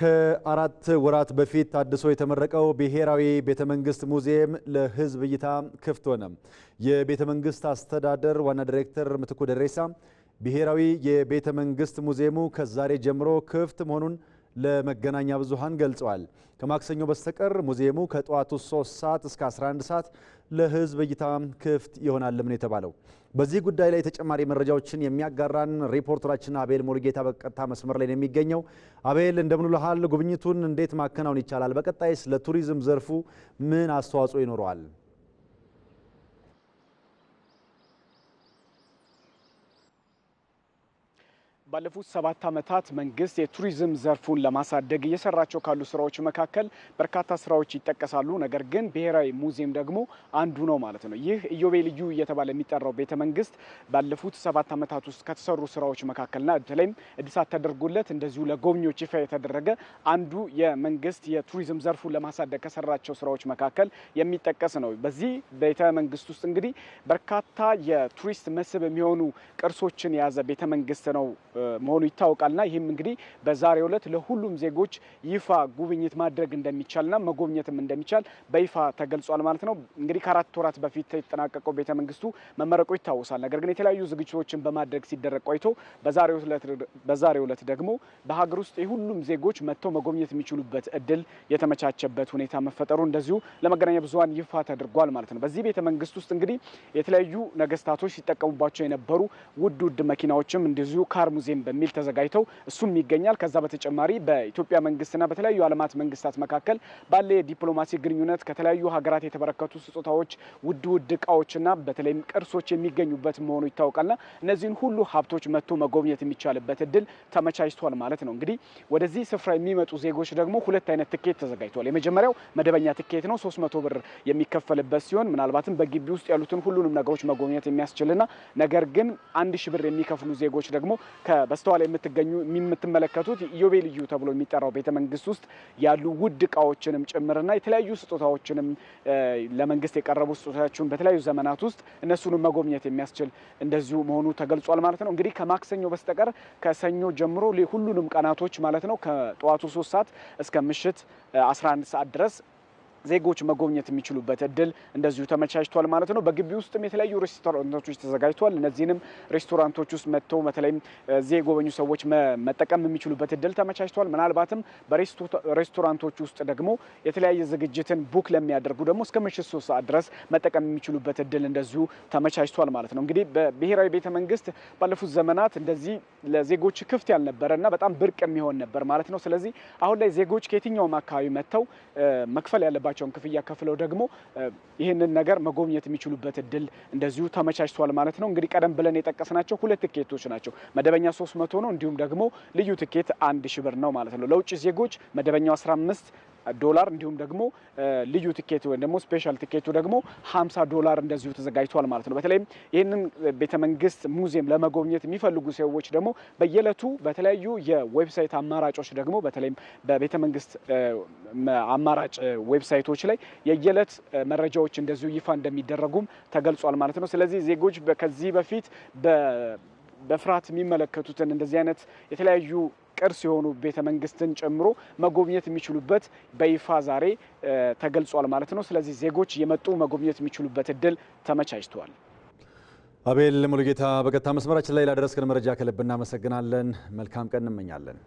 ከአራት ወራት በፊት ታድሶ የተመረቀው ብሔራዊ ቤተ መንግስት ሙዚየም ለህዝብ እይታ ክፍት ሆነ። የቤተ መንግስት አስተዳደር ዋና ዲሬክተር ምትኩ ደሬሳ ብሔራዊ የቤተ መንግስት ሙዚየሙ ከዛሬ ጀምሮ ክፍት መሆኑን ለመገናኛ ብዙሃን ገልጸዋል። ከማክሰኞ በስተቀር ሙዚየሙ ከጠዋቱ 3 ሰዓት እስከ 11 ሰዓት ለህዝብ እይታ ክፍት ይሆናል ነው የተባለው። በዚህ ጉዳይ ላይ ተጨማሪ መረጃዎችን የሚያጋራን ሪፖርተራችን አቤል ሞልጌታ በቀጥታ መስመር ላይ ነው የሚገኘው። አቤል እንደምንልሃል። ጉብኝቱን እንዴት ማከናወን ይቻላል? በቀጣይስ ለቱሪዝም ዘርፉ ምን አስተዋጽኦ ይኖረዋል? ባለፉት ሰባት ዓመታት መንግስት የቱሪዝም ዘርፉን ለማሳደግ እየሰራቸው ካሉ ስራዎች መካከል በርካታ ስራዎች ይጠቀሳሉ። ነገር ግን ብሔራዊ ሙዚየም ደግሞ አንዱ ነው ማለት ነው። ይህ ኢዮቤልዩ እየተባለ የሚጠራው ቤተ መንግስት ባለፉት ሰባት ዓመታት ውስጥ ከተሰሩ ስራዎች መካከልና በተለይም እድሳት ተደርጎለት እንደዚሁ ለጎብኚዎች ይፋ የተደረገ አንዱ የመንግስት የቱሪዝም ዘርፉን ለማሳደግ ከሰራቸው ስራዎች መካከል የሚጠቀስ ነው። በዚህ ቤተ መንግስት ውስጥ እንግዲህ በርካታ የቱሪስት መስህብ የሚሆኑ ቅርሶችን የያዘ ቤተ መንግስት ነው መሆኑ ይታወቃልና ይህም እንግዲህ በዛሬው ዕለት ለሁሉም ዜጎች ይፋ ጉብኝት ማድረግ እንደሚቻልና መጎብኘትም እንደሚቻል በይፋ ተገልጿል ማለት ነው። እንግዲህ ከአራት ወራት በፊት የተጠናቀቀው ቤተ መንግስቱ መመረቁ ይታወሳል። ነገር ግን የተለያዩ ዝግጅቶችን በማድረግ ሲደረግ ቆይቶ በዛሬው ዕለት ደግሞ በሀገር ውስጥ የሁሉም ዜጎች መጥተው መጎብኘት የሚችሉበት እድል የተመቻቸበት ሁኔታ መፈጠሩ እንደዚሁ ለመገናኛ ብዙሀን ይፋ ተደርጓል ማለት ነው። በዚህ ቤተ መንግስት ውስጥ እንግዲህ የተለያዩ ነገስታቶች ሲጠቀሙባቸው የነበሩ ውድ ውድ መኪናዎችም እንደዚሁ ካር ሙዚየም በሚል ተዘጋጅተው እሱም ይገኛል። ከዛ በተጨማሪ በኢትዮጵያ መንግስትና በተለያዩ ዓለማት መንግስታት መካከል ባለ የዲፕሎማሲ ግንኙነት ከተለያዩ ሀገራት የተበረከቱ ስጦታዎች፣ ውድ ውድ እቃዎችና በተለይም ቅርሶች የሚገኙበት መሆኑ ይታወቃልና እነዚህን ሁሉ ሀብቶች መጥቶ መጎብኘት የሚቻልበት እድል ተመቻችቷል ማለት ነው። እንግዲህ ወደዚህ ስፍራ የሚመጡ ዜጎች ደግሞ ሁለት አይነት ትኬት ተዘጋጅቷል። የመጀመሪያው መደበኛ ትኬት ነው። 300 ብር የሚከፈልበት ሲሆን ምናልባትም በግቢ ውስጥ ያሉትን ሁሉንም ነገሮች መጎብኘት የሚያስችልና ነገር ግን አንድ ሺ ብር የሚከፍሉ ዜጎች ደግሞ በስተኋላ የምትገኙ የምትመለከቱት ኢዮቤ ልዩ ተብሎ የሚጠራው ቤተ መንግስት ውስጥ ያሉ ውድ እቃዎችንም ጭምርና የተለያዩ ስጦታዎችንም ለመንግስት የቀረቡ ስጦታዎችን በተለያዩ ዘመናት ውስጥ እነሱን መጎብኘት የሚያስችል እንደዚሁ መሆኑ ተገልጿል ማለት ነው። እንግዲህ ከማክሰኞ በስተቀር ከሰኞ ጀምሮ ሁሉንም ቀናቶች ማለት ነው ከጠዋቱ ሶስት ሰዓት እስከ ምሽት 11 ሰዓት ድረስ ዜጎች መጎብኘት የሚችሉበት እድል እንደዚሁ ተመቻችቷል ማለት ነው። በግቢ ውስጥም የተለያዩ ሬስቶራንቶች ተዘጋጅተዋል። እነዚህንም ሬስቶራንቶች ውስጥ መጥተው በተለይም እዚህ የጎበኙ ሰዎች መጠቀም የሚችሉበት እድል ተመቻችቷል። ምናልባትም በሬስቶራንቶች ውስጥ ደግሞ የተለያየ ዝግጅትን ቡክ ለሚያደርጉ ደግሞ እስከ ምሽት ሶስት ሰዓት ድረስ መጠቀም የሚችሉበት እድል እንደዚሁ ተመቻችቷል ማለት ነው። እንግዲህ በብሔራዊ ቤተ መንግስት ባለፉት ዘመናት እንደዚህ ለዜጎች ክፍት ያልነበረ እና በጣም ብርቅ የሚሆን ነበር ማለት ነው። ስለዚህ አሁን ላይ ዜጎች ከየትኛውም አካባቢ መጥተው መክፈል ያለባቸው የሚጠበቅባቸውን ክፍያ ከፍለው ደግሞ ይህንን ነገር መጎብኘት የሚችሉበት እድል እንደዚሁ ተመቻችቷል ማለት ነው። እንግዲህ ቀደም ብለን የጠቀስናቸው ሁለት ትኬቶች ናቸው። መደበኛ 300 ነው፣ እንዲሁም ደግሞ ልዩ ትኬት አንድ ሺ ብር ነው ማለት ነው። ለውጭ ዜጎች መደበኛው 15 ዶላር እንዲሁም ደግሞ ልዩ ትኬት ወይም ደግሞ ስፔሻል ትኬቱ ደግሞ 50 ዶላር እንደዚሁ ተዘጋጅቷል ማለት ነው። በተለይም ይህንን ቤተ መንግስት ሙዚየም ለመጎብኘት የሚፈልጉ ሰዎች ደግሞ በየዕለቱ በተለያዩ የዌብሳይት አማራጮች ደግሞ በተለይም በቤተ መንግስት አማራጭ ዌብሳይቶች ላይ የየዕለት መረጃዎች እንደዚሁ ይፋ እንደሚደረጉም ተገልጿል ማለት ነው። ስለዚህ ዜጎች ከዚህ በፊት በፍርሃት የሚመለከቱትን እንደዚህ አይነት የተለያዩ ቅርስ የሆኑ ቤተ መንግስትን ጨምሮ መጎብኘት የሚችሉበት በይፋ ዛሬ ተገልጿል ማለት ነው። ስለዚህ ዜጎች የመጡ መጎብኘት የሚችሉበት እድል ተመቻችተዋል። አቤል ሙሉጌታ በቀጥታ መስመራችን ላይ ላደረስክን መረጃ ከልብ እናመሰግናለን። መልካም ቀን እንመኛለን።